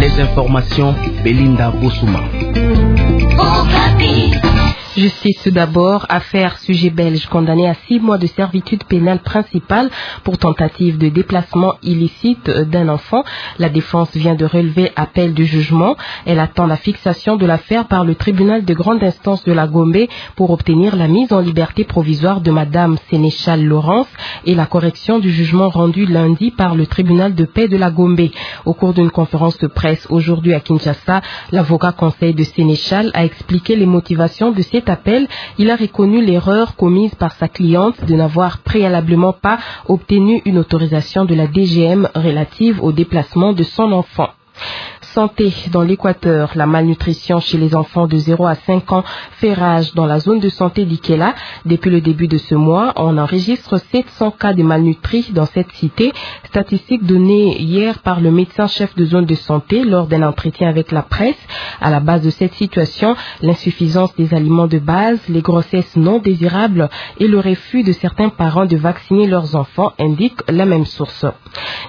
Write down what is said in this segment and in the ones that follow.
Les informations Belinda Bosuma. Justice tout d'abord, affaire sujet belge condamné à six mois de servitude pénale principale pour tentative de déplacement illicite d'un enfant. La défense vient de relever appel du jugement. Elle attend la fixation de l'affaire par le tribunal de grande instance de la Gombe pour obtenir la mise en liberté provisoire de Madame Sénéchal Laurence et la correction du jugement rendu lundi par le tribunal de paix de la Gombe. Au cours d'une conférence de presse aujourd'hui à Kinshasa, l'avocat conseil de Sénéchal a expliqué les motivations de cette appel, il a reconnu l'erreur commise par sa cliente de n'avoir préalablement pas obtenu une autorisation de la DGM relative au déplacement de son enfant dans l'Équateur. La malnutrition chez les enfants de 0 à 5 ans fait rage dans la zone de santé d'Ikela. Depuis le début de ce mois, on enregistre 700 cas de malnutris dans cette cité, statistique donnée hier par le médecin-chef de zone de santé lors d'un entretien avec la presse. À la base de cette situation, l'insuffisance des aliments de base, les grossesses non désirables et le refus de certains parents de vacciner leurs enfants, indiquent la même source.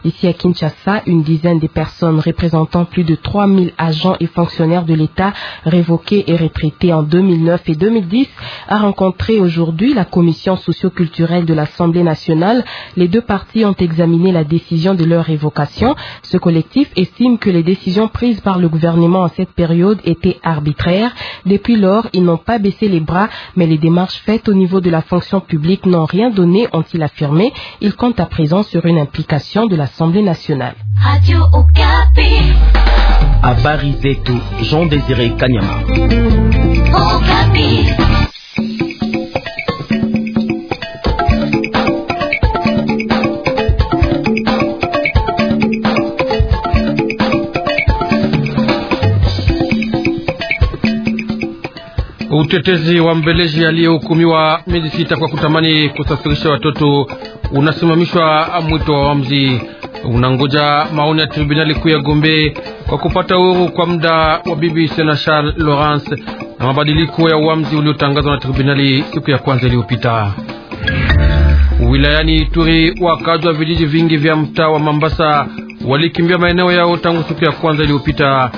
Ici à Kinshasa, une dizaine de personnes représentant plus de 3 000 agents et fonctionnaires de l'État révoqués et retraités en 2009 et 2010 a rencontré aujourd'hui la commission socioculturelle de l'Assemblée nationale. Les deux parties ont examiné la décision de leur révocation. Ce collectif estime que les décisions prises par le gouvernement en cette période étaient arbitraires. Depuis lors, ils n'ont pas baissé les bras, mais les démarches faites au niveau de la fonction publique n'ont rien donné, ont-ils affirmé. Ils comptent à présent sur une implication de l'Assemblée nationale. Radio Habari zetu Jean Desire Kanyama. Utetezi wa Mbeleji aliyehukumiwa miezi sita kwa kutamani kusafirisha watoto unasimamishwa. Mwito wa wamzi unangoja maoni ya tribunali kuu ya Gombe kwa kupata uhuru kwa muda wa bibi Senachal Lawrence na mabadiliko ya uamuzi uliotangazwa na tribunali siku ya kwanza iliyopita. Wilayani Ituri, wakazi wa vijiji vingi vya mtaa wa Mambasa walikimbia maeneo yao tangu siku ya kwanza iliyopita.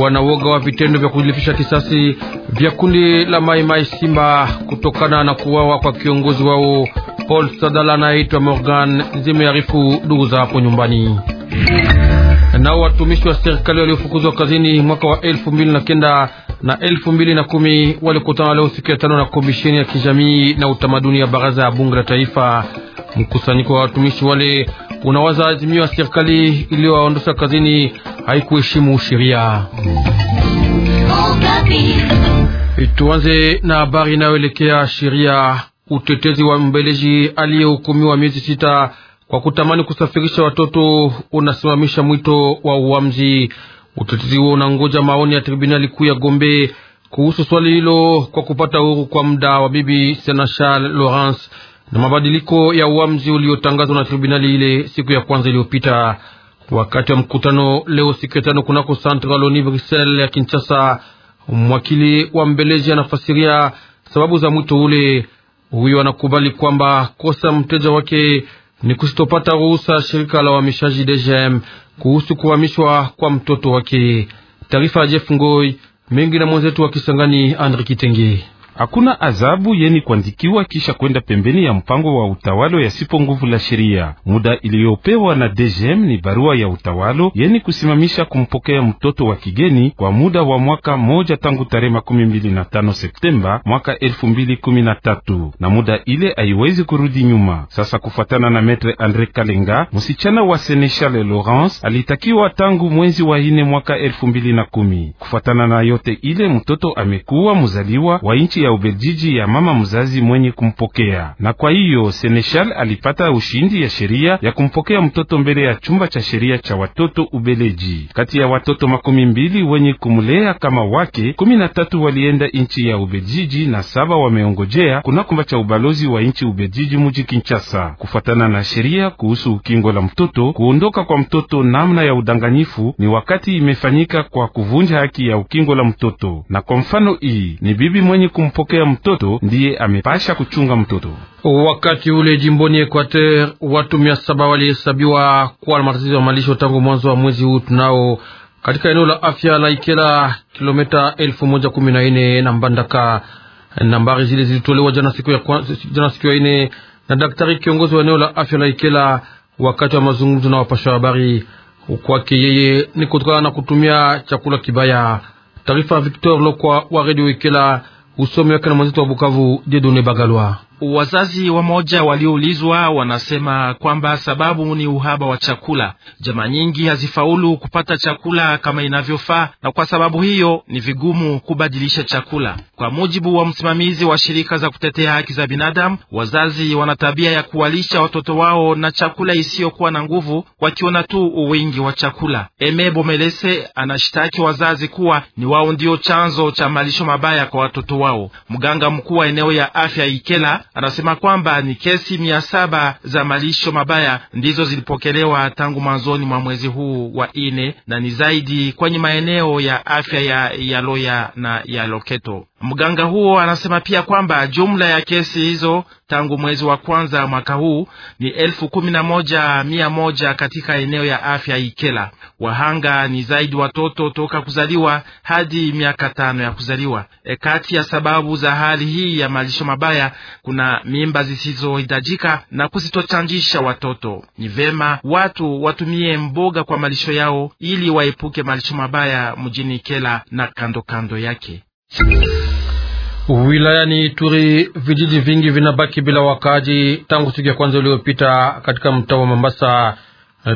Wanawoga wa vitendo vya kujilipisha kisasi vya kundi la Mai Mai Simba kutokana na kuwawa kwa kiongozi wao Paul Sadala naitwa Morgan Zimearifu, ndugu za hapo nyumbani. Nao watumishi wa serikali waliofukuzwa kazini mwaka wa elfu mbili na kenda na elfu mbili na kumi walikutana leo siku ya tano na komisheni ya kijamii na utamaduni ya baraza ya bunge la taifa. Mkusanyiko wa watumishi wale unawaza azimio ya serikali iliyowaondosha kazini haikuheshimu sheria. Tuanze na habari inayoelekea sheria. Utetezi wa mbeleji aliyehukumiwa miezi sita kwa kutamani kusafirisha watoto unasimamisha mwito wa uamzi. Utetezi huo unangoja maoni ya tribunali kuu ya Gombe kuhusu swali hilo kwa kupata uhuru kwa muda wa bibi Senachal Lawrence na mabadiliko ya uamzi uliotangazwa na tribunali ile siku ya kwanza iliyopita. Wakati wa mkutano leo siku ya tano kunako Centre Loni Bruxelles ya Kinshasa, mwakili wa mbeleji anafasiria sababu za mwito ule. Huyo anakubali kwamba kosa mteja wake ni kusitopata ruhusa shirika la uhamishaji DGM kuhusu kuhamishwa kwa mtoto wake. Taarifa ya Jeff Ngoi mengi na mwenzetu wa Kisangani Andre Kitenge. Hakuna adhabu yeni kuandikiwa kisha kwenda pembeni ya mpango wa utawalo ya sipo nguvu la sheria. Muda iliyopewa na DGM ni barua ya utawalo yeni kusimamisha kumpokea mtoto wa kigeni kwa muda wa mwaka moja tangu tarehe makumi mbili na tano Septemba mwaka elfu mbili kumi na tatu na muda ile haiwezi kurudi nyuma. Sasa kufuatana na Metre Andre Kalenga, msichana wa Senechal laurence alitakiwa tangu mwezi wa ine mwaka elfu mbili na kumi. Kufuatana na yote ile, mtoto amekuwa mzaliwa wa nchi ya Ubelgiji ya mama mzazi mwenye kumpokea, na kwa hiyo Senechal alipata ushindi ya sheria ya kumpokea mtoto mbele ya chumba cha sheria cha watoto Ubeleji. Kati ya watoto makumi mbili wenye kumlea kama wake, kumi na tatu walienda nchi ya Ubelgiji na saba wameongojea kuna kumba cha ubalozi wa nchi Ubelgiji muji Kinshasa, kufuatana na sheria kuhusu ukingo la mtoto. Kuondoka kwa mtoto namna ya udanganyifu ni wakati imefanyika kwa kuvunja haki ya ukingo la mtoto, na kwa mfano hii ni bibi mwenye kum kumpokea mtoto ndiye amepasha kuchunga mtoto. Wakati ule jimboni Equateur watu mia saba walihesabiwa kuwa na matatizo ya malisho tangu mwanzo wa mwezi huu tunao katika eneo la afya la Ikela, kilomita elfu moja kumi na nne na Mbandaka. Nambari zile zilitolewa jana siku ya jana siku ya ine na daktari kiongozi wa eneo la afya la Ikela wakati wa mazungumzo na wapasha habari. Kwake yeye ni kutokana na kutumia chakula kibaya. Taarifa Victor Lokwa wa redio Ikela usomi wake na mwenzetu wa Bukavu Jedone Bagalwa. Wazazi wamoja walioulizwa wanasema kwamba sababu ni uhaba wa chakula. Jamaa nyingi hazifaulu kupata chakula kama inavyofaa, na kwa sababu hiyo ni vigumu kubadilisha chakula. Kwa mujibu wa msimamizi wa shirika za kutetea haki za binadamu, wazazi wana tabia ya kuwalisha watoto wao na chakula isiyokuwa na nguvu, wakiona tu uwingi wa chakula. Eme Bomelese anashitaki wazazi kuwa ni wao ndio chanzo cha malisho mabaya kwa watoto wao. Mganga mkuu wa eneo ya afya Ikela anasema kwamba ni kesi mia saba za malisho mabaya ndizo zilipokelewa tangu mwanzoni mwa mwezi huu wa ine na ni zaidi kwenye maeneo ya afya ya Yaloya na ya Loketo. Mganga huo anasema pia kwamba jumla ya kesi hizo tangu mwezi wa kwanza mwaka huu ni elfu kumi na moja mia moja katika eneo ya afya Ikela. Wahanga ni zaidi watoto toka kuzaliwa hadi miaka tano ya kuzaliwa. E, kati ya sababu za hali hii ya malisho mabaya kuna mimba zisizohitajika na kuzitochanjisha watoto. Ni vema watu watumie mboga kwa malisho yao ili waepuke malisho mabaya mjini Ikela na kandokando kando yake. Wilayani Ituri vijiji vingi vinabaki bila wakaji tangu siku ya kwanza iliyopita katika mtaa wa Mambasa.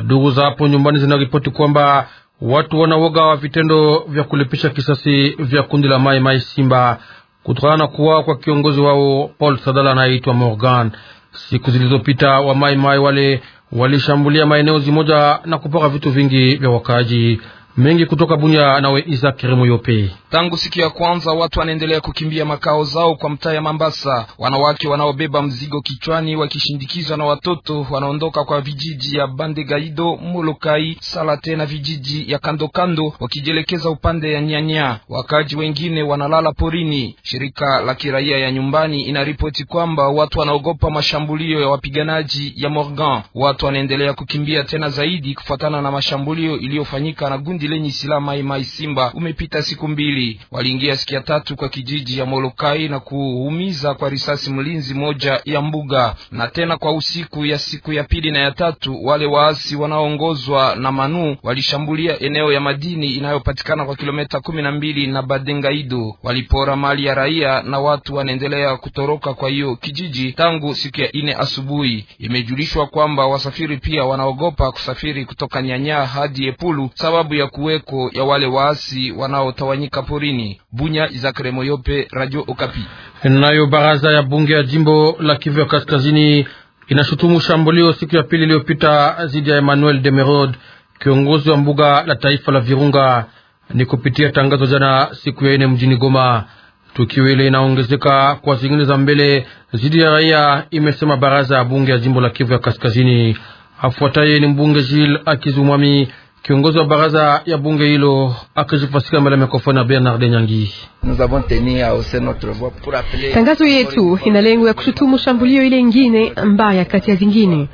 Ndugu za hapo nyumbani zinaripoti kwamba watu wanawoga wa vitendo vya kulipisha kisasi vya kundi la Mai Mai Simba kutokana na kuwa kwa kiongozi wao Paul Sadala anayeitwa Morgan. Siku zilizopita wa Mai Mai wale walishambulia maeneo zimoja na kupora vitu vingi vya wakaaji mengi kutoka Bunya. Nawe Isa Kirimu Yope Tangu siku ya kwanza watu wanaendelea kukimbia makao zao kwa mtaa ya Mambasa. Wanawake wanaobeba mzigo kichwani wakishindikizwa na watoto wanaondoka kwa vijiji ya Bande Gaido, Molokai, Salate na vijiji ya kandokando wakijielekeza upande ya Nyanya. Wakaji wengine wanalala porini. Shirika la kiraia ya nyumbani inaripoti kwamba watu wanaogopa mashambulio ya wapiganaji ya Morgan. Watu wanaendelea kukimbia tena zaidi kufuatana na mashambulio iliyofanyika na gundi lenye silaha Maimai Simba umepita siku mbili pili waliingia siku ya tatu kwa kijiji ya Molokai na kuumiza kwa risasi mlinzi moja ya mbuga, na tena kwa usiku ya siku ya pili na ya tatu wale waasi wanaoongozwa na Manu walishambulia eneo ya madini inayopatikana kwa kilomita kumi na mbili na Badengaido, walipora mali ya raia na watu wanaendelea kutoroka kwa hiyo kijiji tangu siku ya ine asubuhi. Imejulishwa kwamba wasafiri pia wanaogopa kusafiri kutoka Nyanya hadi Epulu sababu ya kuweko ya wale waasi wanaotawanyika porini. Bunya Izakare Moyope, Radio Okapi. Nayo baraza ya bunge ya jimbo la Kivu ya kaskazini inashutumu shambulio siku ya pili iliyopita dhidi ya Emmanuel Demerod, kiongozi wa mbuga la taifa la Virunga, ni kupitia tangazo jana siku ya ine mjini Goma. Tukio ile inaongezeka kwa zingine za mbele dhidi ya raia, imesema baraza ya bunge ya jimbo la Kivu ya kaskazini. Afuataye ni mbunge Jil Akizumwami Kiongozi wa baraza ya bunge hilo akizifasika mbele ya mikrofoni ya Bernard Nyangi. Tangazo yetu ina lengo ya kushutumu shambulio ile ingine mbaya kati ya zingine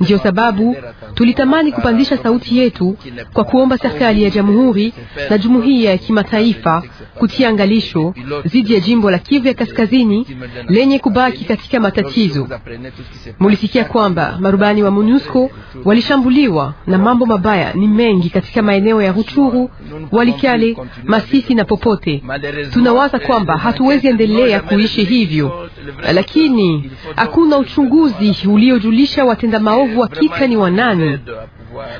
Ndiyo sababu tulitamani kupandisha sauti yetu kwa kuomba serikali ya jamhuri na jumuiya ya kimataifa kutia angalisho dhidi ya jimbo la Kivu ya kaskazini lenye kubaki katika matatizo. Mulisikia kwamba marubani wa MONUSCO walishambuliwa na mambo mabaya ni mengi katika maeneo ya Ruchuru, Walikale, Masisi na popote. Tunawaza kwamba hatuwezi endelea kuishi hivyo, lakini hakuna uchunguzi uliojulisha watenda maovu uhakika ni wanani.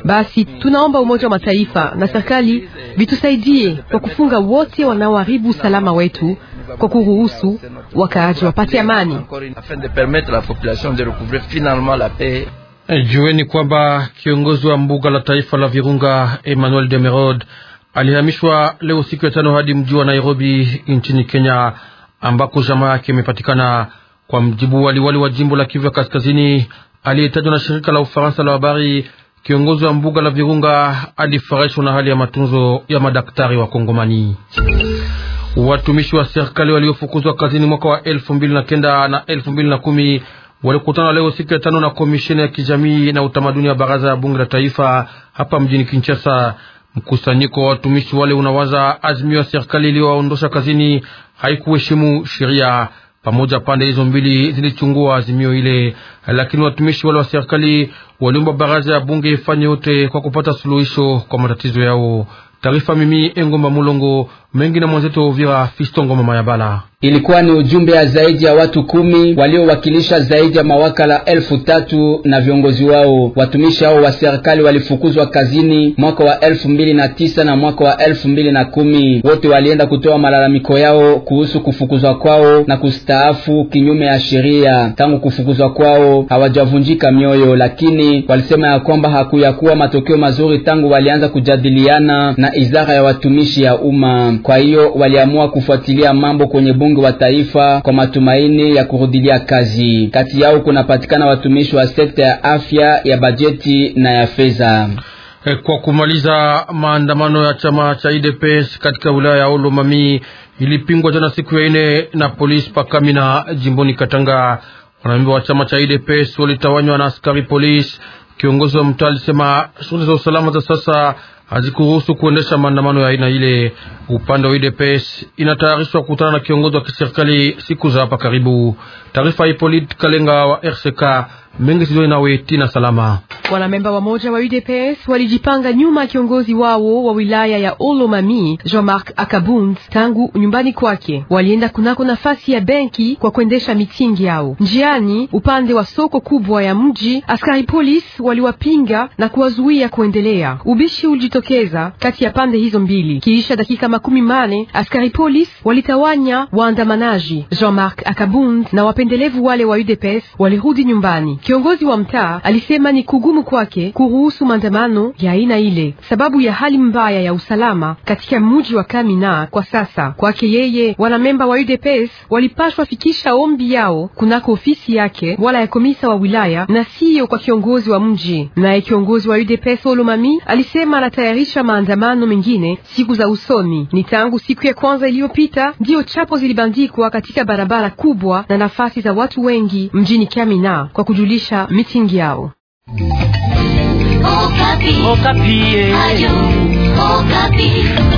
Basi tunaomba Umoja wa Mataifa na serikali vitusaidie kwa kufunga wote wanaoharibu usalama wetu, kwa kuruhusu wakaaji wapate amani. Eh, jueni kwamba kiongozi wa mbuga la taifa la Virunga Emmanuel Demerod alihamishwa leo siku ya tano hadi mji wa Nairobi nchini Kenya, ambako jamaa yake imepatikana, kwa mjibu waliwali wa jimbo la Kivu ya Kaskazini aliyetajwa na shirika la Ufaransa la habari. Kiongozi wa mbuga la Virunga alifurahishwa na hali ya matunzo ya madaktari wa Kongomani. Watumishi wa serikali waliofukuzwa kazini mwaka wa elfu mbili na kenda na elfu mbili na kumi walikutana leo siku ya tano na komisheni ya kijamii na utamaduni wa baraza ya bunge la taifa hapa mjini Kinshasa. Mkusanyiko wa watumishi wale unawaza azimio ya serikali iliyowaondosha kazini haikuheshimu sheria pamoja. Pande hizo mbili zilichungua azimio ile, lakini watumishi wale wa serikali waliomba baraza ya bunge ifanye yote kwa kupata suluhisho kwa matatizo yao. Taarifa mimi Engomba Mulongo mengi na mwenzetu Uvira Fistongo Mama bala Ilikuwa ni ujumbe ya zaidi ya watu kumi waliowakilisha zaidi ya mawakala elfu tatu na viongozi wao. Watumishi hao wa serikali walifukuzwa kazini mwaka wa elfu mbili na tisa na mwaka wa elfu mbili na kumi. Wote walienda kutoa malalamiko yao kuhusu kufukuzwa kwao na kustaafu kinyume ya sheria. Tangu kufukuzwa kwao hawajavunjika mioyo, lakini walisema ya kwamba hakuyakuwa matokeo mazuri tangu walianza kujadiliana na idara ya watumishi ya umma. Kwa hiyo waliamua kufuatilia mambo kwenye wabunge wa taifa kwa matumaini ya kurudilia kazi. Kati yao kunapatikana watumishi wa sekta ya afya, ya bajeti na ya fedha. Eh, kwa kumaliza, maandamano ya chama cha UDPS katika wilaya ya Olomami ilipingwa jana siku ya ine na polisi pakamina jimboni Katanga. Wanamemba wa chama cha UDPS walitawanywa na askari polisi. Kiongozi wa mtaa alisema shughuli za usalama za sasa hazikuruhusu kuendesha maandamano ya aina ile. Upande wa UDPS inatayarishwa kukutana na kiongozi wa kiserikali siku za hapa karibu. Taarifa ipolite Kalenga wa RCK mengi sizoni nawe tina salama Wanamemba wamoja wa UDPS walijipanga nyuma ya kiongozi wao wa wilaya ya Olomami Jean-Marc Akabund tangu nyumbani kwake, walienda kunako nafasi ya benki kwa kuendesha mitingi yao. Njiani upande wa soko kubwa ya mji, askari polisi waliwapinga na kuwazuia kuendelea. Ubishi ulijitokeza kati ya pande hizo mbili. Kiisha dakika makumi mane askari polisi walitawanya waandamanaji. Jean-Marc Akabund na wapendelevu wale wa UDPS walirudi nyumbani. Kiongozi wa mtaa alisema ni kugumu muhimu kwake kuruhusu maandamano ya aina ile sababu ya hali mbaya ya usalama katika mji wa Kamina kwa sasa. Kwake yeye, wanamemba wa UDPS walipashwa fikisha ombi yao kunako ofisi yake wala ya komisa wa wilaya na siyo kwa kiongozi wa mji. Naye kiongozi wa UDPS Olomami alisema anatayarisha maandamano mengine siku za usoni. Ni tangu siku ya kwanza iliyopita ndiyo chapo zilibandikwa katika barabara kubwa na nafasi za watu wengi mjini Kamina kwa kujulisha mitingi yao. Okapi. Okapi. Eh.